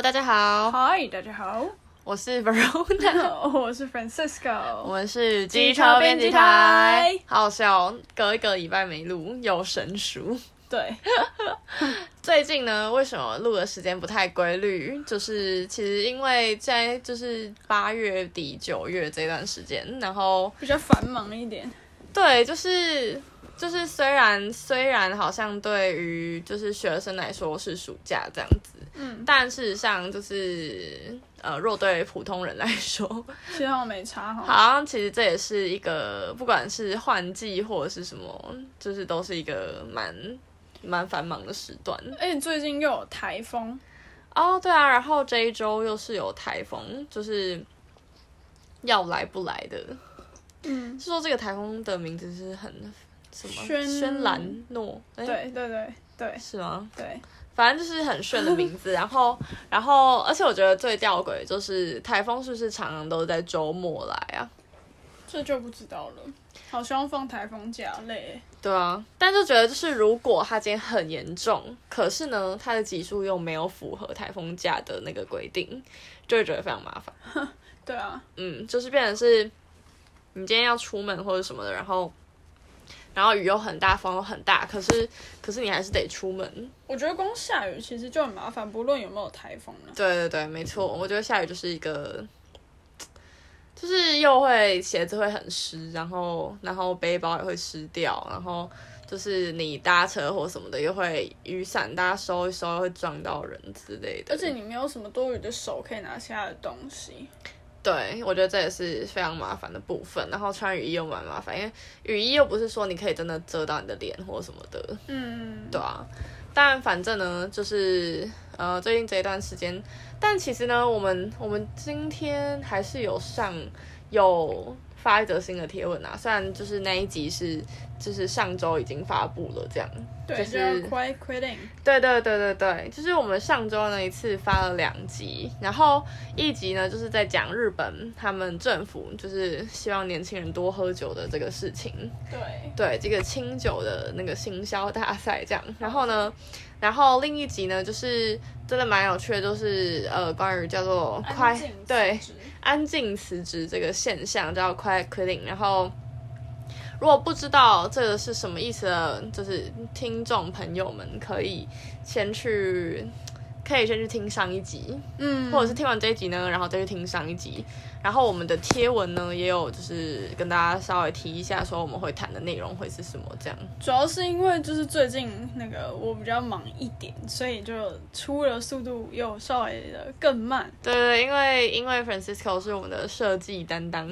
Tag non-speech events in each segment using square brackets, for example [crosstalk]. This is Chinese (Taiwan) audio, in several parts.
大家好嗨，Hi，大家好，我是 Verona，我是 Francisco，我們是機車編輯台，好笑，隔一個禮拜沒錄又生疏，對， [laughs] 最近呢，為什麼錄的時間不太規律？就是其實因為在就是八月底九月這段時間，然後比較繁忙一點，對，就是就是雖然雖然好像對於就是學生來說是暑假這樣子。嗯，但事實上就是，呃，若對普通人來說，幸好沒差好像，其實這也是一個，不管是換季或者是什麼，就是都是一個蠻蠻繁忙的時段。哎、欸，最近又有台風哦，oh, 對啊，然後這一周又是有台風，就是要來不來的。嗯，是說這個台風的名字是很什麼？軒嵐諾？對對對對，是嗎？對。反正就是很順的名字， [laughs] 然後，然後，而且我覺得最吊詭就是台風是不是常常都在周末來啊？這就不知道了。好希望放台風假嘞！對啊，但就覺得就是如果它今天很嚴重，可是呢它的級數又沒有符合台風假的那個規定，就會覺得非常麻煩。 [laughs] 對啊，嗯，就是變成是，你今天要出門或者什麼的，然後。然後雨又很大，風又很大，可是，可是你還是得出門。我覺得光下雨其實就很麻煩，不論有沒有台風。對對對，沒錯，我覺得下雨就是一個，就是又會鞋子會很濕，然後，然後背包也會濕掉，然後就是你搭車或什麼的，又會雨傘大家收一收會撞到人之類的，而且你沒有什麼多餘的手可以拿下的東西。對，我覺得這也是非常麻煩的部分。然後穿雨衣又蠻麻煩，因為雨衣又不是說你可以真的遮到你的臉或什麼的。嗯，對啊。但反正呢，就是呃，最近這一段時間。但其實呢，我們我們今天還是有上有，發一則新的貼文啊，雖然就是那一集是，就是上週已經發布了這樣，對，就是 quiet quitting，對對對對對，就是我們上週呢一次發了兩集，然後一集呢就是在講日本他們政府就是希望年輕人多喝酒的這個事情，對對，這個清酒的那個行銷大賽這樣，然後呢。然後另一集呢，就是真的蠻有趣的，就是呃，關於叫做 quiet，對，安靜辭職這個現象，叫 quiet quitting。然後，如果不知道這個是什麼意思的，就是聽眾朋友們可以先去。可以先去聽上一集，嗯，或者是聽完這一集呢，然後再去聽上一集。然後我們的貼文呢，也有就是跟大家稍微提一下，說我們會談的內容會是什麼這樣。主要是因為就是最近那個我比較忙一點，所以就出的速度又稍微的更慢。對對，因為因為 Francisco 是我們的設計擔當，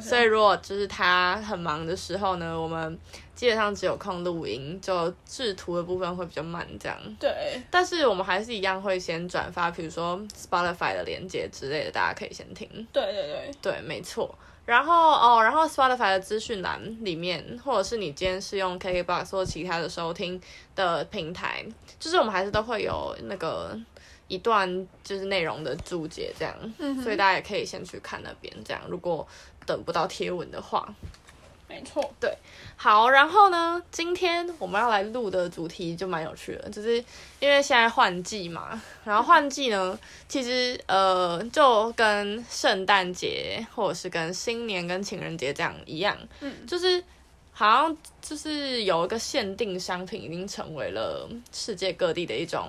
所以如果就是他很忙的時候呢，我們。基本上只有空錄音，就製圖的部分會比較慢這樣。對，但是我們還是一樣會先轉發，比如說 Spotify 的鏈接之類的，大家可以先聽。對對對，對，沒錯。然後哦，然後 Spotify 的資訊欄裡面，或者是你今天是用 KKBox 或其他的收聽的平台，就是我們還是都會有那個一段就是內容的註解這樣，嗯，所以大家也可以先去看那邊這樣。如果等不到貼文的話。沒錯，對，好，然後呢，今天我們要來錄的主題就蠻有趣的，就是因為現在換季嘛，然後換季呢， [laughs] 其實呃，就跟聖誕節或者是跟新年、跟情人節這樣一樣，嗯，就是好像就是有一個限定商品，已經成為了世界各地的一種，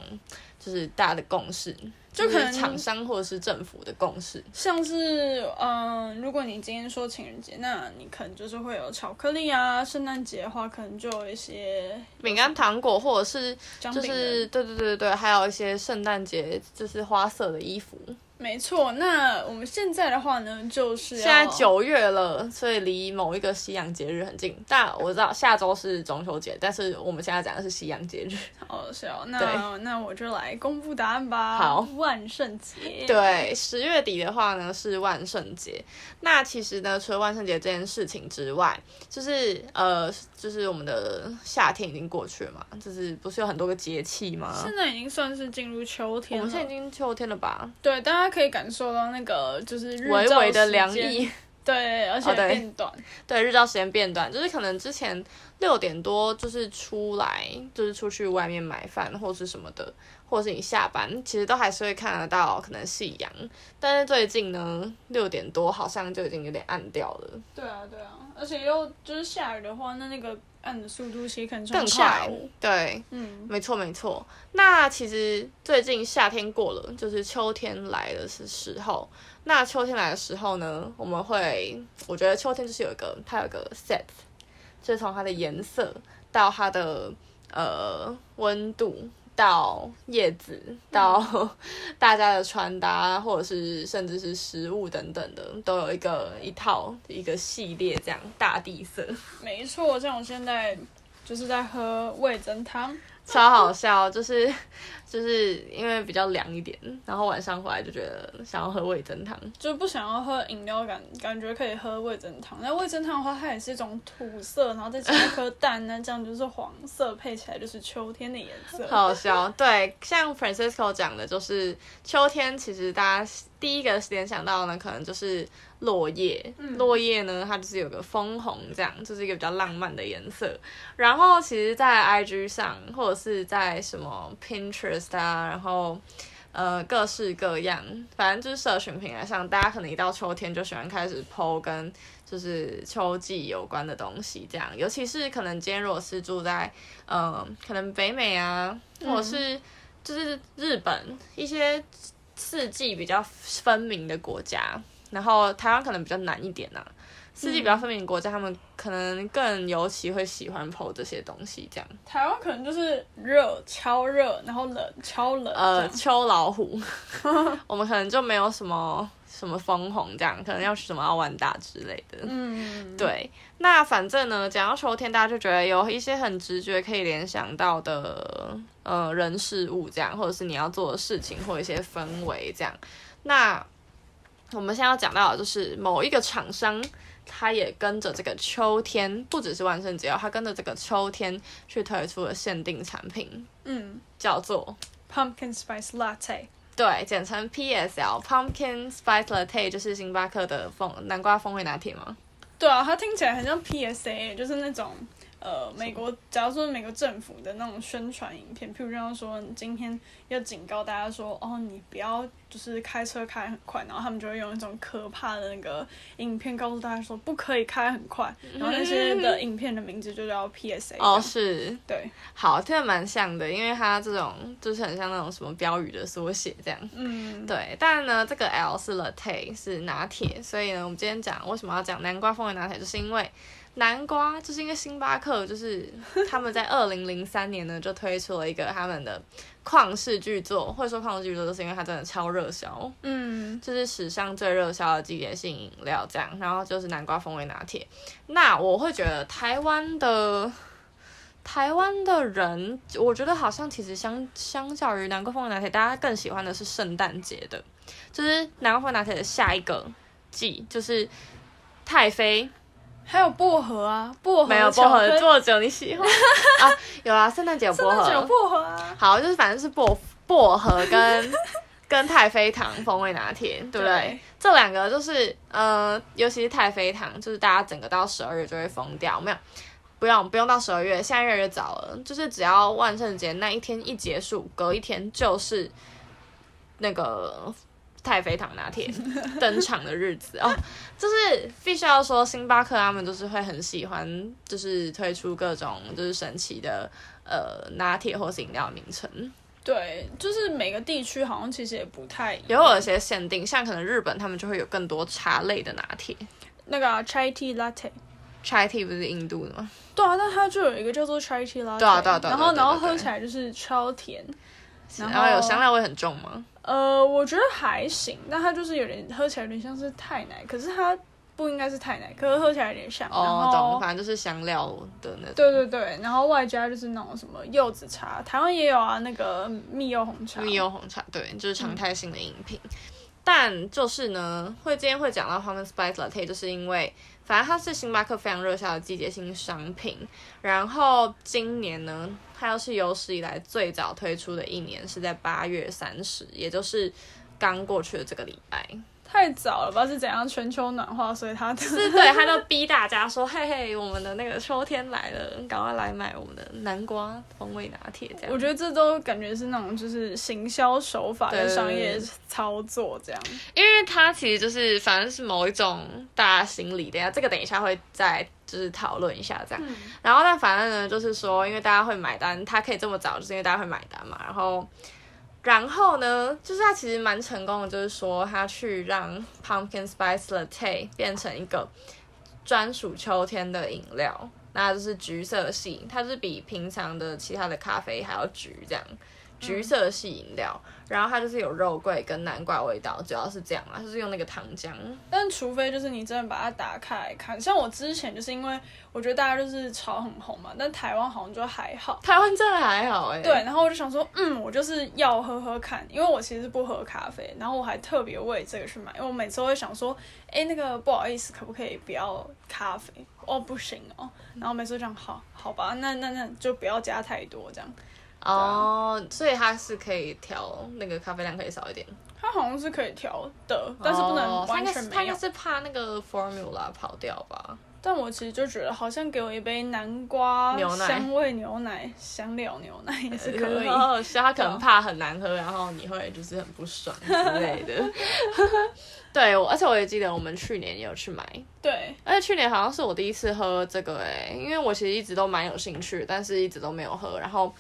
就是大家的共識。就可能廠商或者是政府的共識，像是嗯，如果你今天說情人節，那你可能就是會有巧克力啊；聖誕節的話，可能就有一些餅乾、糖果，或者是就是對對對對，還有一些聖誕節就是花色的衣服。沒錯，那我們現在的話呢，就是現在九月了，所以離某一個西洋節日很近。但我知道下週是中秋節，但是我們現在講的是西洋節日。哦，是哦，那那，那我就來公布答案吧。好，萬聖節。對，十月底的話呢是萬聖節。那其實呢，除了萬聖節這件事情之外，就是呃，就是我們的夏天已經過去了嘛，就是不是有很多個節氣嗎？現在已經算是進入秋天了，我們現在已經秋天了吧？對，大家。他可以感受到那個就是日照時間，微微的涼意，對，而且變短，oh, 對，對，日照時間變短，就是可能之前六點多就是出來，就是出去外面買飯或是什麼的，或是你下班，其實都還是會看得到可能夕陽，但是最近呢，六點多好像就已經有點暗掉了。對啊，對啊，而且又就是下雨的話，那那個。按的速度其實可能更快。對，嗯，沒錯沒錯。那其實最近夏天過了，就是秋天來的是時候。那秋天來的時候呢，我們會，我覺得秋天就是有一個，它有個 set，就是從它的顏色到它的呃溫度。到葉子，到大家的穿搭，或者是甚至是食物等等的，都有一個一套一個系列，這樣大地色。沒錯，像我現在就是在喝味噌湯，超好笑，就是。就是因為比較涼一點，然後晚上回來就覺得想要喝味噌湯，就不想要喝飲料感，感覺可以喝味噌湯。那味噌湯的話，它也是一種土色，然後再加一顆蛋那 [laughs] 這樣就是黃色，配起來就是秋天的顏色。好笑，對，像 Francisco 講的，就是秋天，其實大家第一個時間想到呢，可能就是落葉、嗯。落葉呢，它就是有個楓紅，這樣就是一個比較浪漫的顏色。然後，其實，在 IG 上或者是在什麼 Pinterest。然後呃，各式各樣，反正就是社群平台上，大家可能一到秋天就喜歡開始 po，跟就是秋季有關的東西，這樣。尤其是可能今天如果是住在嗯、呃，可能北美啊，或者是就是日本、嗯、一些四季比較分明的國家，然後台灣可能比較難一點吶、啊。四季比較分明的國家、嗯，他們可能更尤其會喜歡 po 這些東西這樣。台灣可能就是熱超熱，然後冷超冷，呃，秋老虎。 [laughs] 我們可能就沒有什麼什麼楓紅這樣，可能要什麼奧萬大之類的。嗯，對。那反正呢，講到秋天，大家就覺得有一些很直覺可以聯想到的，呃，人事物這樣，或者是你要做的事情，或一些氛圍這樣。那我們現在要講到的就是某一個廠商。它也跟着這個秋天，不只是萬聖節哦，它跟着這個秋天去推出了限定產品，嗯，叫做 Pumpkin Spice Latte，對，簡稱 PSL，Pumpkin Spice Latte 就是星巴克的風南瓜風味拿鐵嗎？對啊，它聽起來很像 PSA，就是那種。呃，美國，假如說美國政府的那種宣傳影片，譬如這樣說，說，今天要警告大家說，哦，你不要就是開車開很快，然後他們就會用一種可怕的那個影片告訴大家說，不可以開很快。嗯，然後那些的影片的名字就叫 P.S.A。哦，是，對，好，聽得蠻像的，因為它這種就是很像那種什麼標語的縮寫這樣。嗯，對，當然呢，這個 L 是 Latte 是拿鐵，所以呢，我們今天講為什麼要講南瓜風味拿鐵，就是因為。南瓜就是因為星巴克，就是他們在二零零三年呢就推出了一個他們的曠世巨作，或者說曠世巨作，就是因為它真的超熱銷，嗯，就是史上最熱銷的季節性飲料這樣，然後就是南瓜風味拿鐵。那我會覺得台灣的台灣的人，我覺得好像其實相相較於南瓜風味拿鐵，大家更喜歡的是聖誕節的，就是南瓜風味拿鐵的下一個季就是太妃。還有薄荷啊，薄荷沒有薄荷，薄荷你喜歡 [laughs] 啊？有啊，聖誕節有薄荷，薄荷啊。好，就是反正是薄薄荷跟 [laughs] 跟太妃糖風味拿鐵，對不對？這兩個就是、呃、尤其是太妃糖，就是大家整個到十二月就會瘋掉，沒有？不用不用到十二月，現在越來越早了，就是只要萬聖節那一天一結束，隔一天就是那個。太妃糖拿鐵登場的日子 [laughs] 哦，就是必須要說，星巴克他們都是會很喜歡，就是推出各種就是神奇的呃拿鐵或是飲料名稱。對，就是每個地區好像其實也不太一有一些限定，像可能日本他們就會有更多茶類的拿鐵。那個、啊、Chai tea latte，Chai tea 不是印度的嗎？對啊，那它就有一個叫做 Chai tea latte、對啊對啊對啊。然後然後，對對對對對然後喝起來就是超甜，然後、啊、有香料味很重嗎？呃、uh,，我覺得還行，但它就是有點喝起來有點像是泰奶，可是它不應該是泰奶，可是喝起來有點像。哦、oh,，懂了，反正就是香料的那種。對對對，然後外加就是那種什麼柚子茶，台灣也有啊，那個蜜柚紅茶。蜜柚紅茶，對，就是常態性的飲品，嗯，但就是呢，會今天會講到他們 spice latte，就是因為。反正它是星巴克非常熱銷的季節性商品，然後今年呢，它又是有史以來最早推出的一年，是在八月三十，也就是剛過去的這個禮拜。太早了吧？是怎樣？全球暖化，所以他就是對他都逼大家說：“嘿嘿，我們的那個秋天來了，趕快來買我們的南瓜風味拿鐵。”這樣，我覺得這都感覺是那種就是行銷手法的商業操作這樣。對對對，因為他其實就是反正，是某一種大家心理，等下這個等一下會再就是討論一下這樣。嗯、然後但反正呢，就是說因為大家會買單，他可以這麼早，就是因為大家會買單嘛。然後。然後呢，就是他其實蠻成功的，就是說他去讓 Pumpkin Spice Latte 變成一個專屬秋天的飲料，那就是橘色系，它是比平常的其他的咖啡還要橘這樣。橘色系飲料、嗯，然後它就是有肉桂跟南瓜味道，主要是這樣啦，就是用那個糖漿。但除非就是你真的把它打開來看，像我之前就是因為我覺得大家就是炒很紅嘛，但台灣好像就還好，台灣真的還好哎、欸。對，然後我就想說，嗯，我就是要喝喝看，因為我其實不喝咖啡，然後我還特別為這個去買，因為我每次會想說，哎，那個不好意思，可不可以不要咖啡？哦，不行哦，然後每次講好，好吧，那那那就不要加太多這樣。哦、啊，oh, 所以它是可以調那個咖啡量，可以少一點，它好像是可以調的，oh, 但是不能完全。它應該是怕那個 formula 跑掉吧。但我其實就覺得，好像給我一杯南瓜香味牛奶、牛奶香料牛奶也是可以。哦， [laughs] 他可能怕很難喝，然後你會就是很不爽之類的。 [laughs] [laughs] 對，我而且我也記得我們去年也有去買，對，而且去年好像是我第一次喝這個、欸，哎，因為我其實一直都蠻有興趣，但是一直都沒有喝，然後。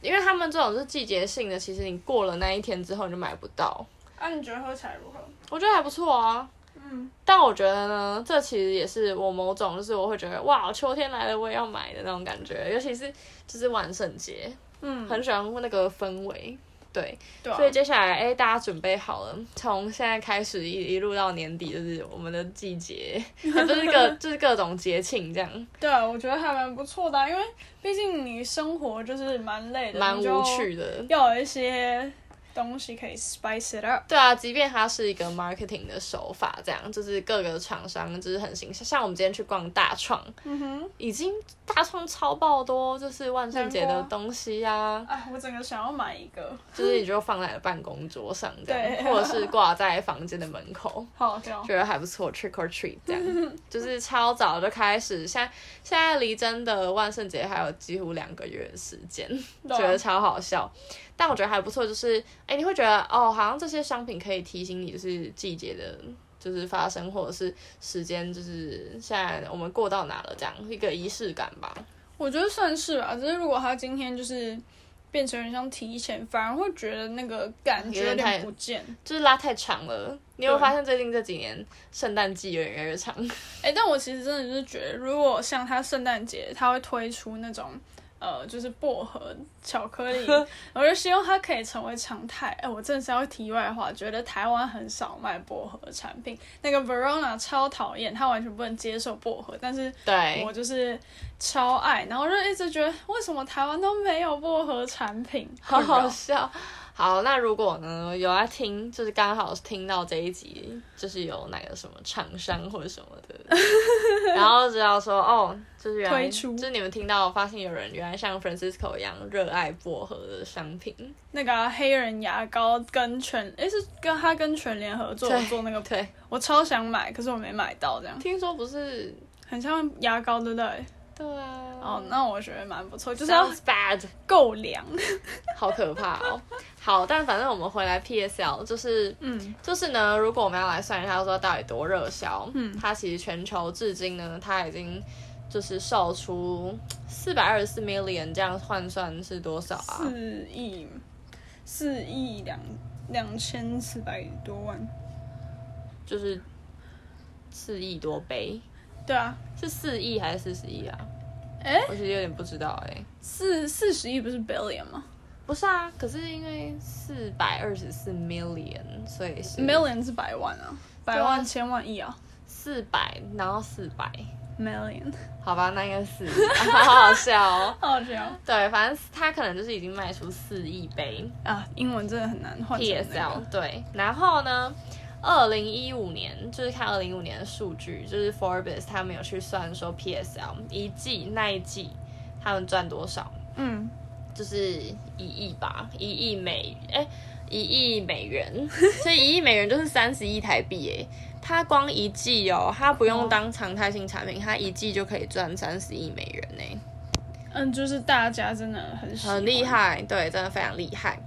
因為他們這種是季節性的，其實你過了那一天之後你就買不到。啊，你覺得喝起來如何？我覺得還不錯啊。嗯，但我覺得呢，這其實也是我某種就是我會覺得哇，秋天來了我也要買的那種感覺，尤其是就是萬聖節，嗯，很喜歡那個氛圍。對，對啊，所以接下來，哎，大家準備好了，從現在開始一一路到年底，就是我們的季節，就 [laughs] 是各就是各種節慶這樣。對啊，我覺得還蠻不錯的啊，因為畢竟你生活就是蠻累的，蠻無趣的，要有一些。東西可以 spice it up。對啊，即便它是一個 marketing 的手法，這樣就是各個廠商就是很形象。像我們今天去逛大創，嗯哼，已經大創超爆多，就是萬聖節的東西啊。嗯、啊我整個想要買一個，就是你就放在了辦公桌上對， [laughs] 或者是掛在房間的門口。好，覺得還不錯。Trick or treat，這樣 [laughs] 就是超早就開始。現在現在離真的萬聖節還有幾乎兩個月的時間、啊，覺得超好笑。但我覺得還不錯，就是哎、欸，你會覺得哦，好像這些商品可以提醒你，就是季節的，就是發生或者是時間，就是現在我們過到哪了，這樣一個儀式感吧。我覺得算是吧，只是如果他今天就是變成像提前發生，反而會覺得那個感覺有點不見，就是拉太長了。你有發現最近這幾年聖誕季越來越長？哎、欸，但我其實真的是覺得，如果像他聖誕節，他會推出那種。呃，就是薄荷巧克力。 [laughs] 我就希望它可以成為常態，欸，我真的是要題外話，覺得台灣很少賣薄荷產品。那個 Verona 超討厭，他完全不能接受薄荷，但是我就是超愛，然後我就一直覺得為什麼台灣都沒有薄荷產品，好好笑。好，那如果呢，有要聽，就是剛好聽到這一集，就是有那個什麼廠商或者什麼的， [laughs] 然後只要說哦。就是、推出，就是、你們聽到發現有人原來像 Francisco 一樣熱愛薄荷的商品，那個、啊、黑人牙膏跟全，哎是跟他跟全聯合作做那個，對，我超想買，可是我沒買到這樣。聽說不是，很像牙膏對不對？對啊。哦、oh，那我覺得蠻不錯，就是要、Sounds、bad，夠涼， [laughs] 好可怕哦。好，但反正我們回來 PSL 就是，嗯，就是呢，如果我們要來算一下說到底多熱銷，嗯，它其實全球至今呢，它已經。就是售出四百二十四 million，這樣換算是多少啊？四億，四億兩兩千四百多萬，就是四億多杯。對啊，是四億還是四十億啊？哎、欸，我其實有點不知道哎、欸。四四十億不是 billion 嗎？不是啊，可是因為四百二十四 million，所以是 million 是百萬啊，百萬千萬億啊，四百然後四百。Million，好吧，那應該是 [laughs] 好好笑哦， [laughs] 好好笑。對，反正他可能就是已經賣出四億杯啊。英文真的很難換、那個。P S L，對。然後呢，二零一五年，就是看二零一五年的數據，就是 Forbes 他們有去算說 P S L 一季那一季他們賺多少？嗯，就是一億吧，一億美，哎、欸，一億美元。 [laughs] 所以一億美元就是三十億台幣、欸，它光一季哦，它不用當常態性產品，哦，它一季就可以賺三十億美元呢。嗯，就是大家真的很很厲害，對，真的非常厲害。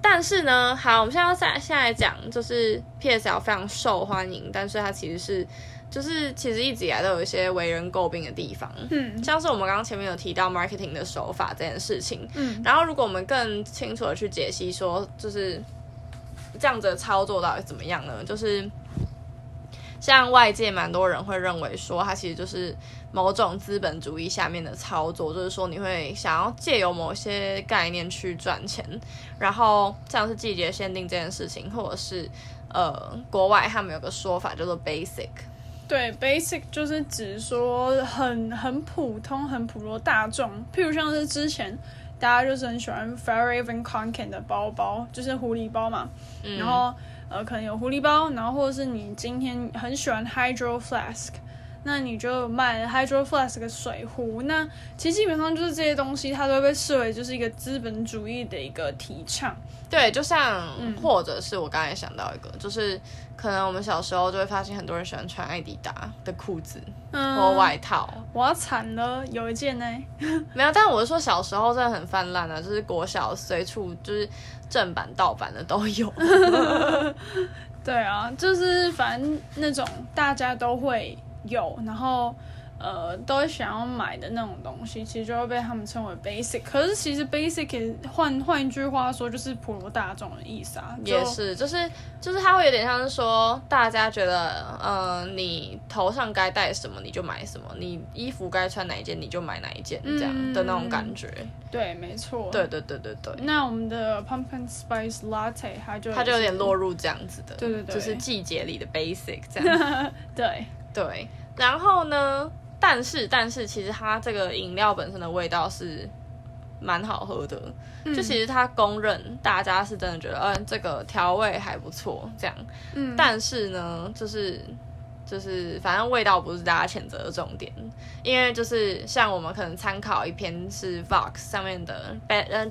但是呢，好，我們現在要在現在講，就是 PSL 非常受歡迎，但是它其實是就是其實一直以來都有一些為人詬病的地方。嗯，像是我們剛剛前面有提到 marketing 的手法這件事情。嗯，然後如果我們更清楚的去解析說，說就是這樣子的操作到底怎麼樣呢？就是。像外界蠻多人會認為說，它其實就是某種資本主義下面的操作，就是說你會想要借由某些概念去賺錢，然後像是季節限定這件事情，或者是呃國外他們有個說法叫做 basic，對，basic 就是指說很很普通、很普羅大眾，譬如像是之前大家就是很喜歡 Fjällräven Kånken 的包包，就是狐狸包嘛，嗯、然後。呃，可能有狐狸包，然後或者是你今天很喜歡 Hydro Flask，那你就買 Hydro Flask 的水壺。那其實基本上就是這些東西，它都會被視為就是一個資本主義的一個提倡。對，就像，嗯，或者是我剛才想到一個，就是可能我們小時候就會發現很多人喜歡穿艾迪達的褲子，嗯，或外套。我，啊，慘了，有一件呢，欸。 [laughs] 沒有，但我是說小時候真的很泛濫啊，就是國小隨處就是。正版、盜版的都有， [laughs] 對啊，就是反正那種大家都會有，然後。呃，都想要買的那種東西，其實就會被他們稱為 basic。可是其實 basic 換換一句話說，就是普羅大眾的意思啊。也是，就是就是他會有點像是說，大家覺得呃，你頭上該戴什麼你就買什麼，你衣服該穿哪一件你就買哪一件這樣、嗯、的那種感覺。對，沒錯。對對對對對。那我們的 Pumpkin Spice Latte，它就是、它就有點落入這樣子的，對對對，就是季節裡的 basic 這樣。 [laughs] 對對，然後呢？但是，但是，其實它這個飲料本身的味道是蠻好喝的，嗯、就其實它公認大家是真的覺得，嗯、呃，這個調味還不錯，這樣、嗯。但是呢，就是就是，反正味道不是大家譴責的重點，因為就是像我們可能參考一篇是 Vox 上面的，被嗯。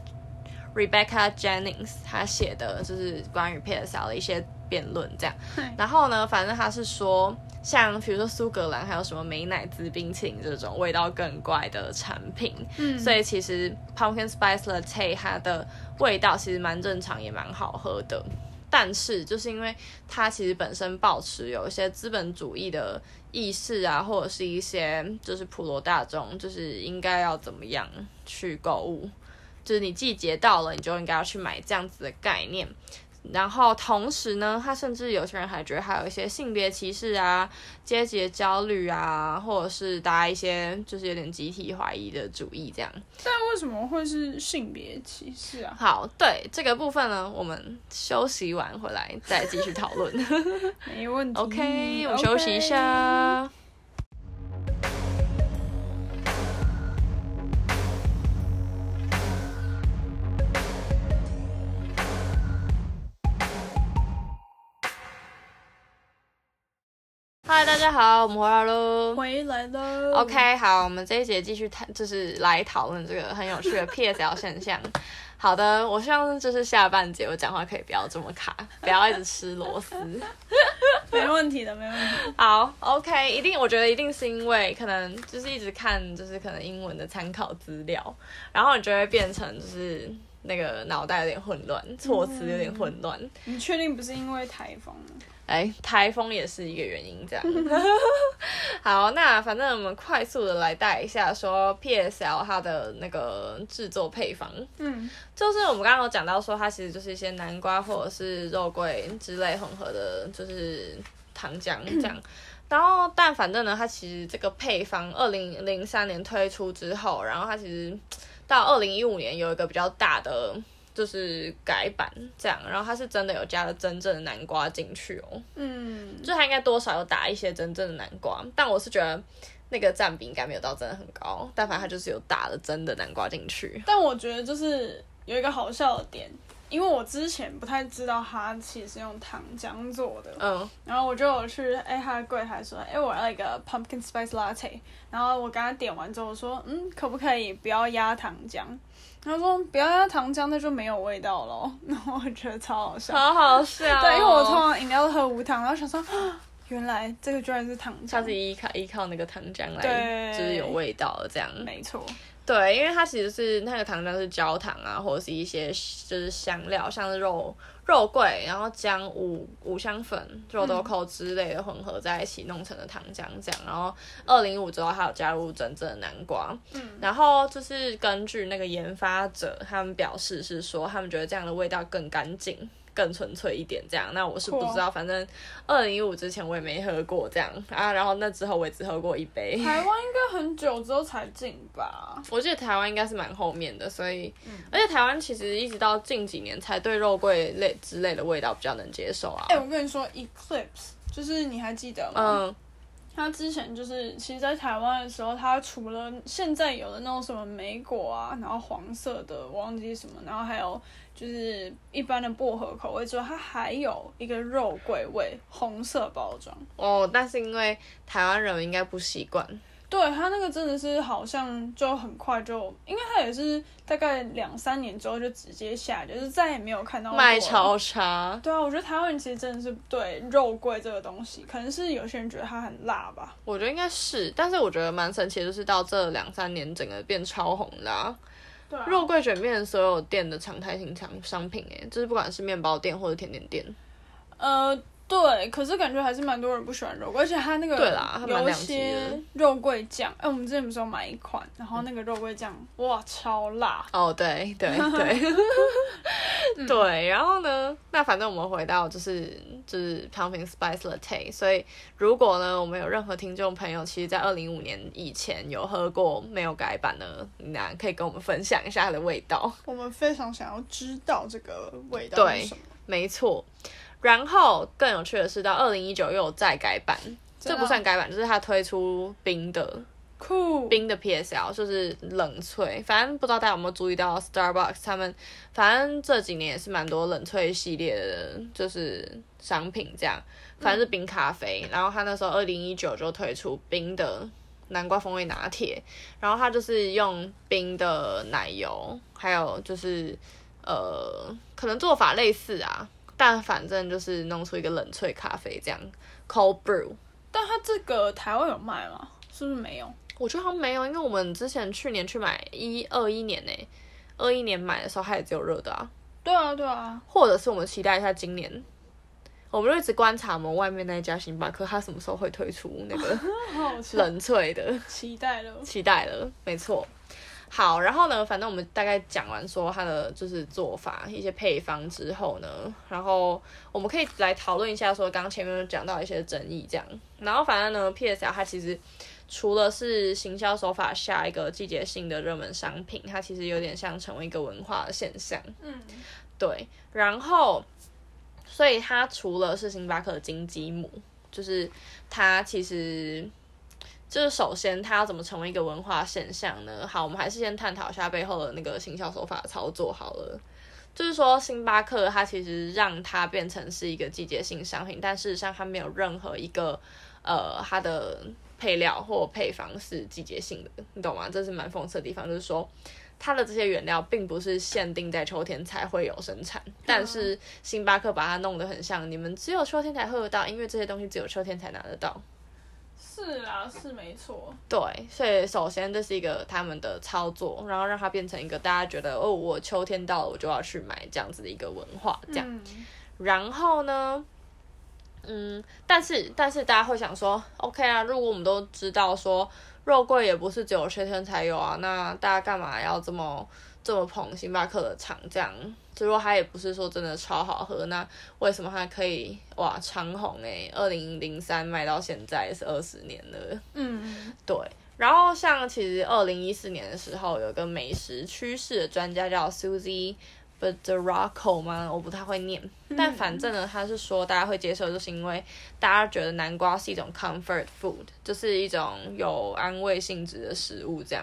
Rebecca Jennings，他寫的就是關於 PSL 的一些辯論這樣，對。然後呢，反正他是說，像比如說蘇格蘭還有什麼美乃滋冰淇淋這種味道更怪的產品。嗯，所以其實 Pumpkin Spice Latte 它的味道其實蠻正常，也蠻好喝的。但是就是因為它其實本身抱持有一些資本主義的意識啊，或者是一些就是普羅大眾就是應該要怎麼樣去購物。就是你季節到了，你就應該要去買這樣子的概念。然後同時呢，他甚至有些人還覺得還有一些性別歧視啊、階級的焦慮啊，或者是大家一些就是有點集體懷疑的主義這樣。但為什麼會是性別歧視啊？好，對這個部分呢，我們休息完回來再繼續討論。 [laughs] 沒問題。OK，我們休息一下。Okay. 嗨，大家好，我們回來嘍，回來嘍。OK，好，我們這一節繼續談，就是來討論這個很有趣的 PSL 現象。 [laughs] 好的，我希望就是下半節我講話可以不要這麼卡，不要一直吃螺絲。 [laughs] 沒問題的，沒問題。好，OK，一定，我覺得一定是因為可能就是一直看，就是可能英文的參考資料，然後你就會變成就是。那個腦袋有點混亂，措辭有點混亂，嗯。你確定不是因為台風嗎？哎、欸，台風也是一個原因，這樣。 [laughs] 好，那反正我們快速的來帶一下，說 PSL 它的那個制作配方。嗯，就是我們剛剛有講到說，它其實就是一些南瓜或者是肉桂之類混合的，就是糖漿這樣。嗯、然後，但反正呢，它其實這個配方，二零零三年推出之後，然後它其實。到二零一五年有一個比較大的就是改版，這樣，然後它是真的有加了真正的南瓜進去哦，嗯，就它應該多少有打一些真正的南瓜，但我是覺得那個佔比應該沒有到真的很高，但反正它就是有打了真的南瓜進去。但我覺得就是有一個好笑的點。因為我之前不太知道它其實用糖漿做的，嗯、oh.，然後我就有去哎、欸，他的櫃檯說，哎、欸，我要一個 pumpkin spice latte，然後我剛剛點完之後，我說，嗯，可不可以不要壓糖漿？他說，不要壓糖漿，那就沒有味道嘍。然後 [laughs] 我覺得超好笑，超好，好笑、哦，對，因為我通常飲料都喝無糖，然後想說，原來這個居然是糖漿，他是依靠依靠那個糖漿來，就是有味道這樣，沒錯。對，因為它其實是那個糖漿是焦糖啊，或者是一些就是香料，像是肉肉桂，然後薑五五香粉、嗯、肉豆蔻之類的混合在一起弄成的糖漿，漿這樣。然後二零五之後還有加入真正的南瓜。嗯，然後就是根據那個研發者他們表示是說，他們覺得這樣的味道更乾淨。更純粹一點，這樣，那我是不知道，啊、反正二零一五之前我也沒喝過這樣啊，然後那之後我也只喝過一杯。台灣應該很久之後才進吧？ [laughs] 我記得台灣應該是蠻後面的，所以，嗯、而且台灣其實一直到近幾年才對肉桂類之類的味道比較能接受啊。哎、欸，我跟你說，Eclipse，就是你還記得嗎？嗯。他之前就是，其實，在台灣的時候，他除了現在有的那種什麼莓果啊，然後黃色的，忘記什麼，然後還有。就是一般的薄荷口味之後，它還有一個肉桂味，紅色包裝哦。Oh, 但是因為台灣人應該不習慣，對它那個真的是好像就很快就，因為它也是大概兩三年之後就直接下，就是再也沒有看到賣超差。對啊，我覺得台灣人其實真的是對肉桂這個東西，可能是有些人覺得它很辣吧。我覺得應該是，但是我覺得蠻神奇，就是到這兩三年整個變超紅的啊。啊、肉桂卷面所有店的常態性商商品，哎，就是不管是麵包店或者甜點店，呃。對，可是感覺還是蠻多人不喜歡肉桂，而且它那個有些肉桂醬。哎、欸，我們之前不是有買一款，然後那個肉桂醬、嗯，哇，超辣！哦、oh，對對對 [laughs] [laughs] 對，然後呢，那反正我們回到就是就是 Pumpkin Spice Latte。所以如果呢，我們有任何聽眾朋友，其實，在二零五年以前有喝過沒有改版的，那可以跟我們分享一下它的味道。我們非常想要知道這個味道是什麼，對，沒錯。然後更有趣的是，到二零一九又有再改版，這不算改版，就是他推出冰的酷、cool. 冰的 PSL，就是冷萃。反正不知道大家有沒有注意到，Starbucks 他們反正這幾年也是蠻多冷萃系列的，就是商品這樣，反正是冰咖啡。嗯、然後他那時候二零一九就推出冰的南瓜風味拿鐵，然後他就是用冰的奶油，還有就是呃，可能做法類似啊。但反正就是弄出一個冷萃咖啡這樣，Cold Brew。但它這個台灣有賣嗎？是不是沒有？我覺得好像沒有，因為我們之前去年去買一二一年呢、欸，二一年買的時候它也只有熱的啊。對啊，對啊。或者是我們期待一下今年，我們就一直觀察我們外面那家星巴克它什麼時候會推出那個 [laughs] 冷萃的？期待了，期待了，沒錯。好，然後呢，反正我們大概講完說它的就是做法一些配方之後呢，然後我們可以來討論一下說，剛剛前面有講到一些爭議這樣，然後反正呢，PSL 它其實除了是行銷手法下一個季節性的熱門商品，它其實有點像成為一個文化的現象，嗯，對，然後所以它除了是星巴克的金雞母，就是它其實。就是首先，它要怎麼成為一個文化現象呢？好，我們還是先探討一下背後的那個行銷手法操作好了。就是說，星巴克它其實讓它變成是一個季節性商品，但事實上它沒有任何一個呃它的配料或配方是季節性的，你懂嗎？這是蠻諷刺的地方，就是說它的這些原料並不是限定在秋天才會有生產，但是星巴克把它弄得很像，你們只有秋天才喝得到，因為這些東西只有秋天才拿得到。是啊，是沒錯。對，所以首先這是一個他們的操作，然後讓它變成一個大家覺得哦，我秋天到了，我就要去買這樣子的一個文化，這樣。嗯、然後呢，嗯，但是但是大家會想說，OK 啊，如果我們都知道說肉桂也不是只有秋天才有啊，那大家幹嘛要這麼這麼捧星巴克的場這樣？就說它也不是說真的超好喝，那為什麼它可以哇長紅欸？二零零三賣到現在也是二十年了。嗯，對。然後像其實二零一四年的時候，有個美食趨勢的專家叫 Susie Butterocco 嗎？我不太會念，嗯，但反正呢，他是說大家會接受，就是因為大家覺得南瓜是一種 comfort food，就是一種有安慰性質的食物這樣。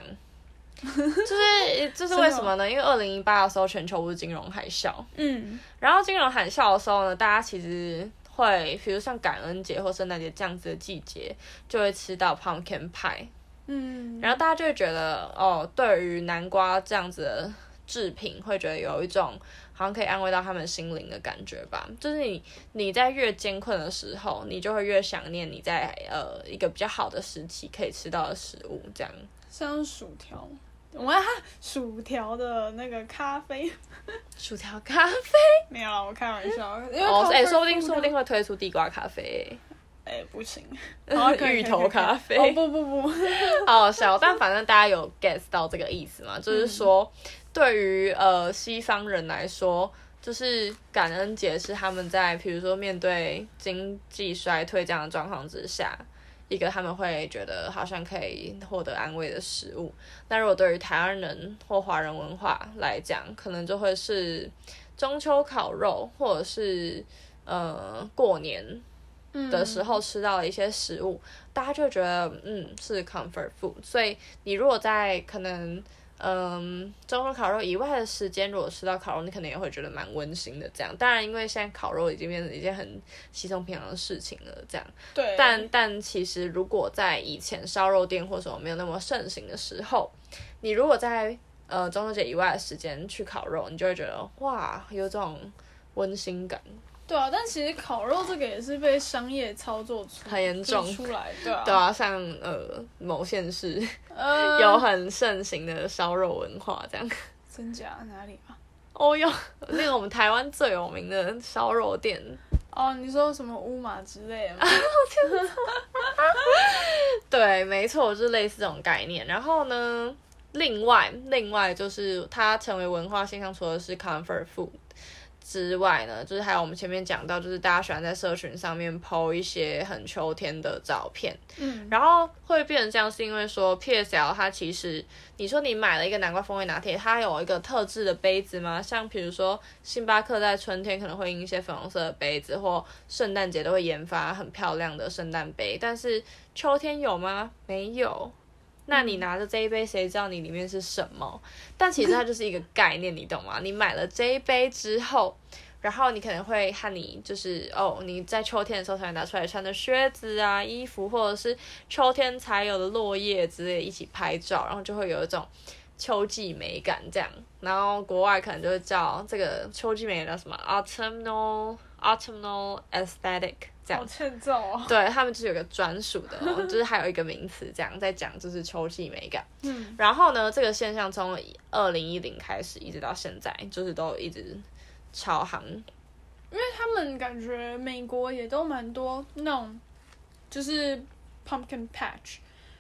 [laughs] 就是這、就是為什麼呢？因為二零一八的時候全球不是金融海嘯，嗯，然後金融海嘯的時候呢，大家其實會，比如像感恩節或聖誕節這樣子的季節，就會吃到 pumpkin pie，嗯，然後大家就會覺得哦，對於南瓜這樣子的制品，會覺得有一種好像可以安慰到他們心靈的感覺吧。就是你你在越艱困的時候，你就會越想念你在呃一個比較好的時期可以吃到的食物這樣，像薯條。我他薯條的那個咖啡， [laughs] 薯條咖啡沒有，我開玩笑。哦、喔，哎、欸，說不定說不定會推出地瓜咖啡、欸。哎、欸，不行。然後、啊、 [laughs] 芋頭咖啡。哦不不不，好笑、喔，小 [laughs] 但反正大家有 get 到這個意思嘛、嗯？就是說，對於呃西方人來說，就是感恩節是他們在比如說面對經濟衰退這樣的狀況之下。一個他們會覺得好像可以獲得安慰的食物，那如果對於台灣人或華人文化來講，可能就會是中秋烤肉，或者是呃過年的時候吃到的一些食物。嗯，大家就覺得，嗯，是 comfort food。所以你如果在可能。嗯，中秋烤肉以外的時間，如果吃到烤肉，你可能也會覺得蠻溫馨的。這樣，當然，因為現在烤肉已經變成一件很稀鬆平常的事情了。這樣，對。但但其實，如果在以前燒肉店或者什麼沒有那麼盛行的時候，你如果在呃中秋節以外的時間去烤肉，你就會覺得哇，有這種溫馨感。對啊，但其實烤肉這個也是被商業操作出很嚴重出來，對啊，對啊，像呃某縣市、呃、有很盛行的燒肉文化這樣，真假哪裡嗎？哦喲，那個我們台灣最有名的燒肉店哦，oh，你說什麼烏馬之類的嗎？ [laughs] 對，沒錯，就是類似這種概念。然後呢，另外另外就是它成為文化現象，除了是 comfort food。之外呢，就是還有我們前面講到，就是大家喜歡在社群上面 PO 一些很秋天的照片。嗯，然後會變成這樣，是因為說 PSL 它其實，你說你買了一個南瓜風味拿鐵，它有一個特製的杯子嗎？像比如說星巴克在春天可能會印一些粉紅色的杯子，或聖誕節都會研發很漂亮的聖誕杯，但是秋天有嗎？沒有。 [noise] 那你拿着這一杯，誰知道你裡面是什麼？但其實它就是一個概念，你懂嗎？你買了這一杯之後，然後你可能會和你就是哦，你在秋天的時候才會拿出來穿的靴子啊、衣服，或者是秋天才有的落葉之類，一起拍照，然後就會有一種秋季美感這樣。然後國外可能就叫這個秋季美叫什麼 autumnal autumnal aesthetic。 [noise] 好欠揍哦！對他們就是有個專屬的， [laughs] 就是還有一個名詞，這樣在講就是秋季美感。嗯，然後呢，這個現象從二零一零開始，一直到現在，就是都一直超夯。因為他們感覺美國也都蠻多那種，就是 pumpkin patch。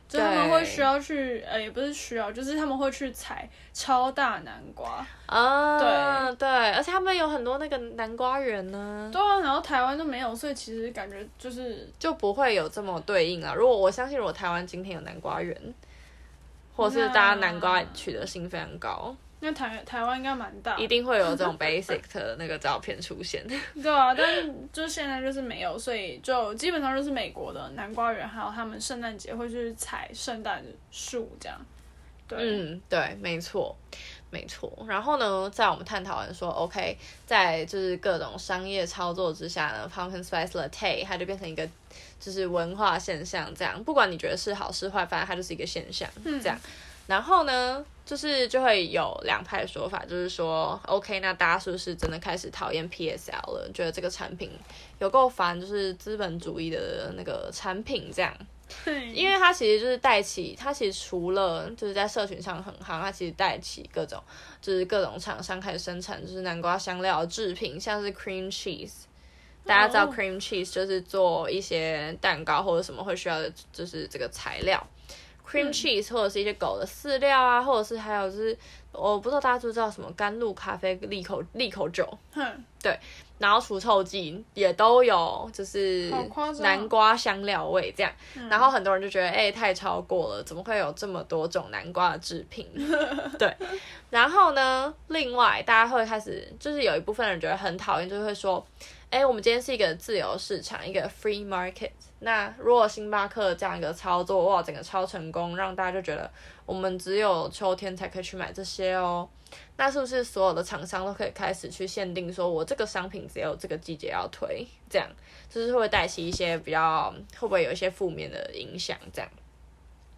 就他們會需要去，呃，也、欸、不是需要，就是他們會去採超大南瓜啊、嗯，對對，而且他們有很多那個南瓜園呢。對啊，然後台灣都沒有，所以其實感覺就是就不會有這麼對應了。如果我相信，如果台灣今天有南瓜園，或是大家南瓜取得性非常高。那台台灣應該蠻大的，一定會有這種 basic 的那個照片出現。 [laughs] 對啊，但是就現在就是沒有，所以就基本上就是美國的南瓜園，還有他們聖誕節會去採聖誕樹這樣。對，嗯，對，沒錯，沒錯。然後呢，在我們探討完說，OK，在就是各種商業操作之下呢，pumpkin spice latte 它就變成一個就是文化現象。這樣，不管你覺得是好是壞，反正它就是一個現象。這樣。嗯然後呢，就是就會有兩派說法，就是說，OK，那大家是不是真的開始討厭 PSL 了？覺得這個產品有夠煩，就是資本主義的那個產品這樣。對。因為它其實就是帶起，它其實除了就是在社群上很夯，它其實帶起各種，就是各種廠商開始生產，就是南瓜香料製品，像是 cream cheese。大家知道 cream cheese 就是做一些蛋糕或者什麼會需要的，就是這個材料。cream cheese 或者是一些狗的飼料啊、嗯，或者是還有就是我不知道大家知不知道什麼甘露咖啡利口、利口酒，嗯，對，然後除臭劑也都有，就是南瓜香料味這樣，然後很多人就覺得哎、嗯、欸、太超過了，怎麼會有這麼多種南瓜制品？ [laughs] 對，然後呢，另外大家會開始就是有一部分人覺得很討厭，就是，會說。哎，我們今天是一個自由市場，一個 free market。那如果星巴克這樣一個操作哇，整個超成功，讓大家就覺得我們只有秋天才可以去買這些哦。那是不是所有的廠商都可以開始去限定，說我這個商品只有這個季節要推？這樣，就是會帶起一些比較，會不會有一些負面的影響？這樣。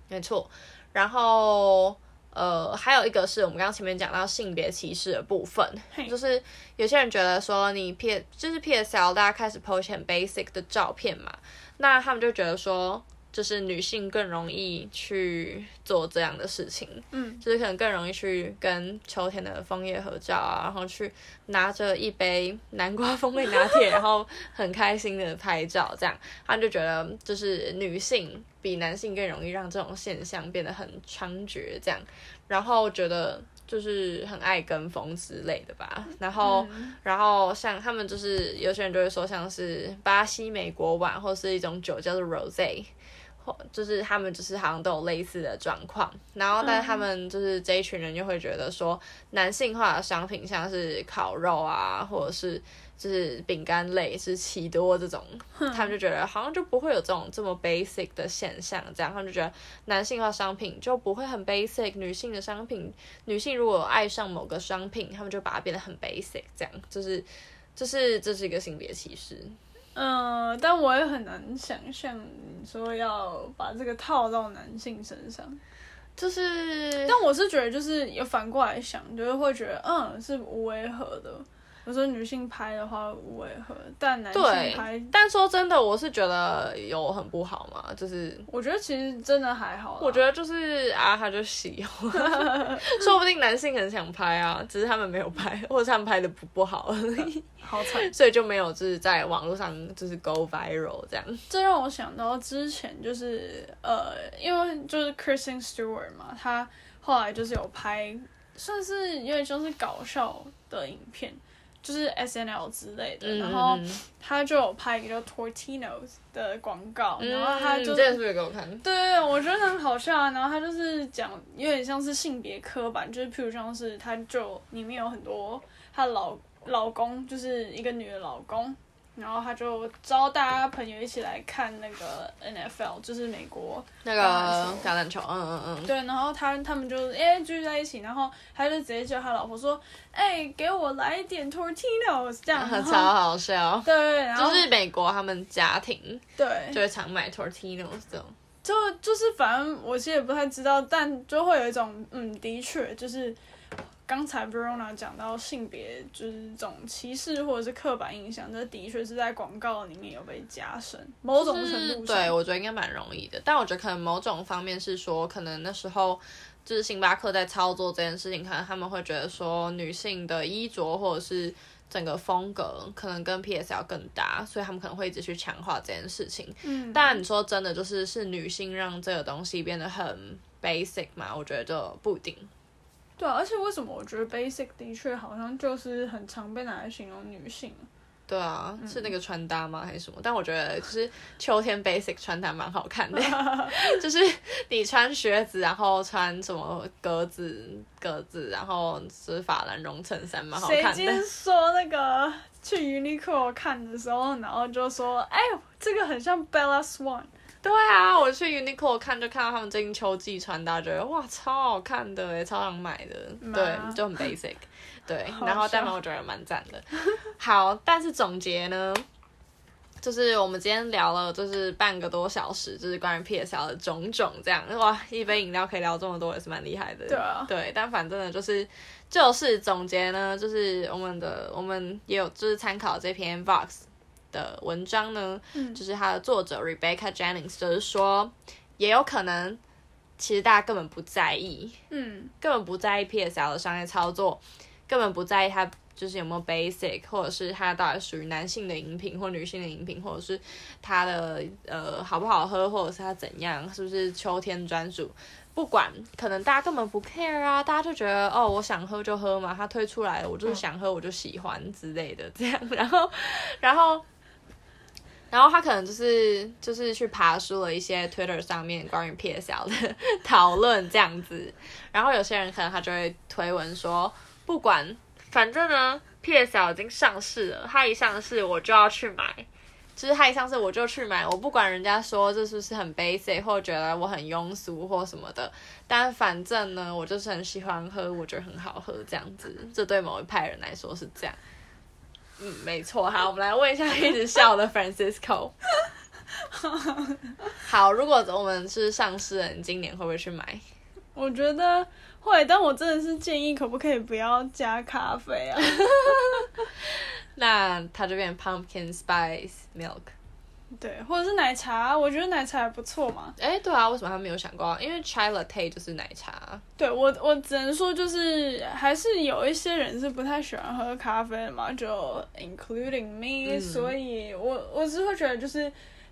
沒錯。然後。呃，還有一個是我們剛剛前面講到性別歧視的部分，就是有些人覺得說你 P 就是 P S L，大家開始 post 很 basic 的照片嘛，那他們就覺得說。就是女性更容易去做這樣的事情，嗯，就是可能更容易去跟秋天的楓葉合照啊，然後去拿着一杯南瓜風味拿鐵， [laughs] 然後很開心的拍照，這樣他們就覺得就是女性比男性更容易讓這種現象變得很猖獗，這樣，然後覺得就是很愛跟風之類的吧，然後、嗯、然後像他們就是有些人就會說，像是巴西、美國碗，或是一種酒叫做 Rosé 就是他們，就是好像都有類似的狀況。然後，但是他們就是這一群人就會覺得說，男性化的商品像是烤肉啊，或者是就是餅乾類，是奇多這種，他們就覺得好像就不會有這種這麼 basic 的現象。這樣，他們就覺得男性化商品就不會很 basic，女性的商品，女性如果愛上某個商品，他們就把它變得很 basic，這樣就是就是這是一個性別歧視。嗯，但我也很難想象說要把這個套到男性身上，就是，但我是覺得就是，也反過來想，就是會覺得，嗯，是無違和的。我說女性拍的話，無違和，但男性拍，但說真的，我是覺得有很不好嘛。就是我覺得其實真的還好。我覺得就是啊，他就喜歡， [laughs] [laughs] 說不定男性很想拍啊，只是他們沒有拍， [laughs] 或者他們拍的不不好而已，嗯。好慘，所以就沒有就是在網絡上就是 go viral 這樣。這讓我想到之前就是呃，因為就是 Kristen Stewart 嘛，他後來就是有拍，算是有點像是搞笑的影片。就是 S N L 之類的、嗯，然後他就有拍一個叫 Tortino 的廣告，嗯、然後他就你這個、是是給我的，對對對，我覺得很好笑、啊。然後他就是講，有點像是性別刻板，就是譬如像是他就裡面有很多他的老老公，就是一個女的老公。然後他就招大家朋友一起來看那個 NFL，就是美國那個橄欖球，嗯嗯嗯。對，然後他他們就是聚在一起，然後他就直接叫他老婆說：“哎，給我來一點 tortillas 這樣。嗯”很超好笑。對，然後對，然後就是美國他們家庭對，就會常買 tortillas 這種。就就是反正我其實也不太知道，但就會有一種嗯，的確就是。剛才 Verona 講到性別就是種歧視或者是刻板印象，這的確是在廣告裡面有被加深，某種程度上對，我覺得應該蠻容易的。但我覺得可能某種方面是說，可能那時候就是星巴克在操作這件事情，可能他們會覺得說女性的衣着或者是整個風格可能跟 P S L 更搭，所以他們可能會一直去強化這件事情。嗯，但你說真的，就是是女性讓這個東西變得很 basic 嗎？我覺得就不一定。對啊，而且為什麼我覺得 basic 的確好像就是很常被拿來形容女性？對啊，是那個穿搭嗎？嗯，還是什麼？但我覺得其實秋天 basic 穿搭蠻好看的， [laughs] 就是你穿靴子，然後穿什麼格子格子，然後是法蘭絨襯衫，蠻好看的。誰先說那個去 Uniqlo 看的時候，然後就說哎呦，這個很像 Bella Swan。對啊，我去 Uniqlo 看就看到他們最近秋季穿搭，大家覺得哇，超好看的誒，超想買的。對，就很 basic 對。對，然後但配我覺得蠻讚的。好，但是總結呢，就是我們今天聊了就是半個多小時，就是關於 P S L 的種種這樣。哇，一杯飲料可以聊這麼多，也是蠻厲害的。對啊。對，但反正呢，就是就是總結呢，就是我們的我們也有就是參考這篇 box 的文章呢、嗯，就是它的作者 Rebecca Jennings 就是說，也有可能其實大家根本不在意，嗯，根本不在意 PSL 的商業操作，根本不在意它就是有沒有 basic，或者是它到底屬於男性的飲品或女性的飲品，或者是它的呃好不好喝，或者是它怎樣，是不是秋天專屬，不管，可能大家根本不 care 啊，大家就覺得哦，我想喝就喝嘛，他推出來了，我就是想喝我就喜歡、哦、之類的這樣，然後，然後。然後他可能就是就是去爬梳了一些 Twitter 上面關於 PSL 的討論這樣子，然後有些人可能他就會推文說，不管反正呢 PSL 已經上市了，他一上市我就要去買，就是他一上市我就去買，我不管人家說這是不是很 basic，或者覺得我很庸俗或什麼的，但反正呢我就是很喜歡喝，我覺得很好喝這樣子，這對某一派人來說是這樣。嗯，沒錯，好，我們來問一下一直笑的 Francisco [laughs] 好。好，如果我們是上市人，今年會不會去買？我覺得會，但我真的是建議，可不可以不要加咖啡啊？ [laughs] [laughs] 那它就變 Pumpkin Spice Milk。對，或者是奶茶，我覺得奶茶還不錯嘛。哎，對啊，為什麼他沒有想過啊？因為 chai latte 就是奶茶。對，我我只能說，就是還是有一些人是不太喜歡喝咖啡的嘛，就 including me，嗯。所以我我只會覺得就是。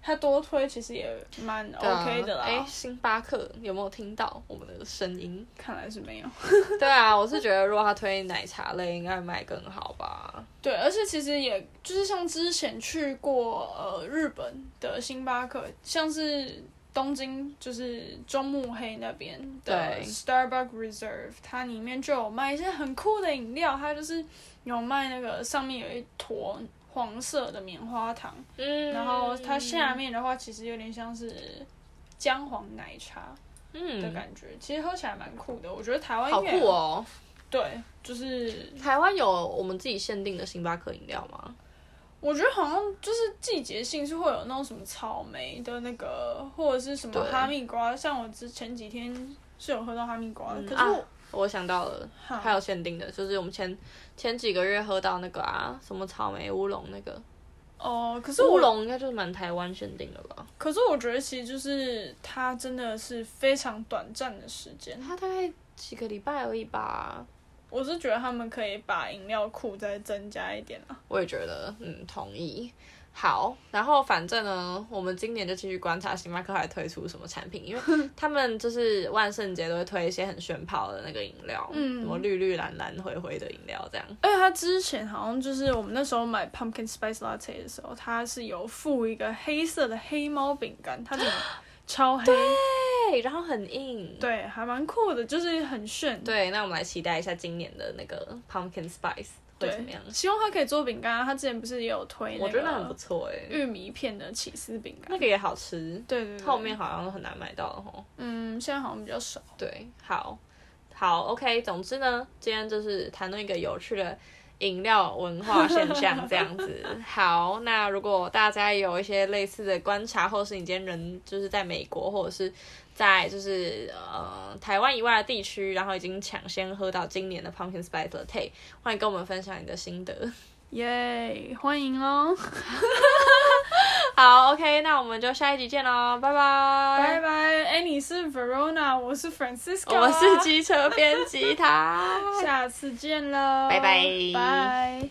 他多推其實也蠻 OK 的啦。哎、啊，欸，星巴克有沒有聽到我們的聲音？看來是沒有。 [laughs] 對啊，我是覺得如果他推奶茶類，應該賣更好吧。對，而且其實也就是像之前去過呃日本的星巴克，像是東京就是中目黑那邊，對，Starbucks Reserve，對它裡面就有賣一些很酷的飲料，它就是有賣那個上面有一坨。黃色的棉花糖、嗯，然後它下面的話其實有點像是薑黃奶茶，嗯的感覺、嗯，其實喝起來蠻酷的。我覺得台灣也好酷哦，對，就是台灣有我們自己限定的星巴克飲料嗎？我覺得好像就是季節性是會有那種什麼草莓的那個，或者是什麼哈密瓜。像我之前幾天是有喝到哈密瓜、嗯，可是我。啊我想到了，還有限定的，就是我們前前幾個月喝到那個啊，什麼草莓烏龍那個。哦、呃，可是烏龍應該就是蠻台灣限定的吧？可是我覺得其實就是它真的是非常短暫的時間，它大概幾個禮拜而已吧。我是覺得他們可以把飲料庫再增加一點啊。我也覺得，嗯，同意。好，然後反正呢，我們今年就繼續觀察星巴克還推出什麼產品，因為他們就是萬聖節都會推一些很炫泡的那個飲料，嗯，什麼綠綠藍藍灰灰的飲料這樣。而且他之前好像就是我們那時候買 pumpkin spice latte 的時候，他是有附一個黑色的黑貓餅乾，它就超黑，啊，對，然後很硬，對，還蠻酷的，就是很炫。對，那我們來期待一下今年的那個 pumpkin spice。對，會怎麼樣？希望他可以做餅乾。他之前不是也有推的？我覺得很不錯哎。玉米片的起司餅乾，那個也好吃。對，對，對。後面好像都很難買到了吼。嗯，現在好像比較少。對，好，好，OK。總之呢，今天就是談論一個有趣的飲料文化現象，這樣子。 [laughs] 好，那如果大家有一些類似的觀察，或是你今天人就是在美國，或者是。在就是呃台灣以外的地區，然後已經搶先喝到今年的 Pumpkin Spice Tea，歡迎跟我們分享你的心得。耶、yeah,，歡迎哦。 [laughs] 好，OK，那我們就下一集見嘍，拜拜，拜拜。哎、欸，你是 Verona，我是 Francisco，、啊、我是機車編輯台， [laughs] 下次見嘍，拜拜，拜。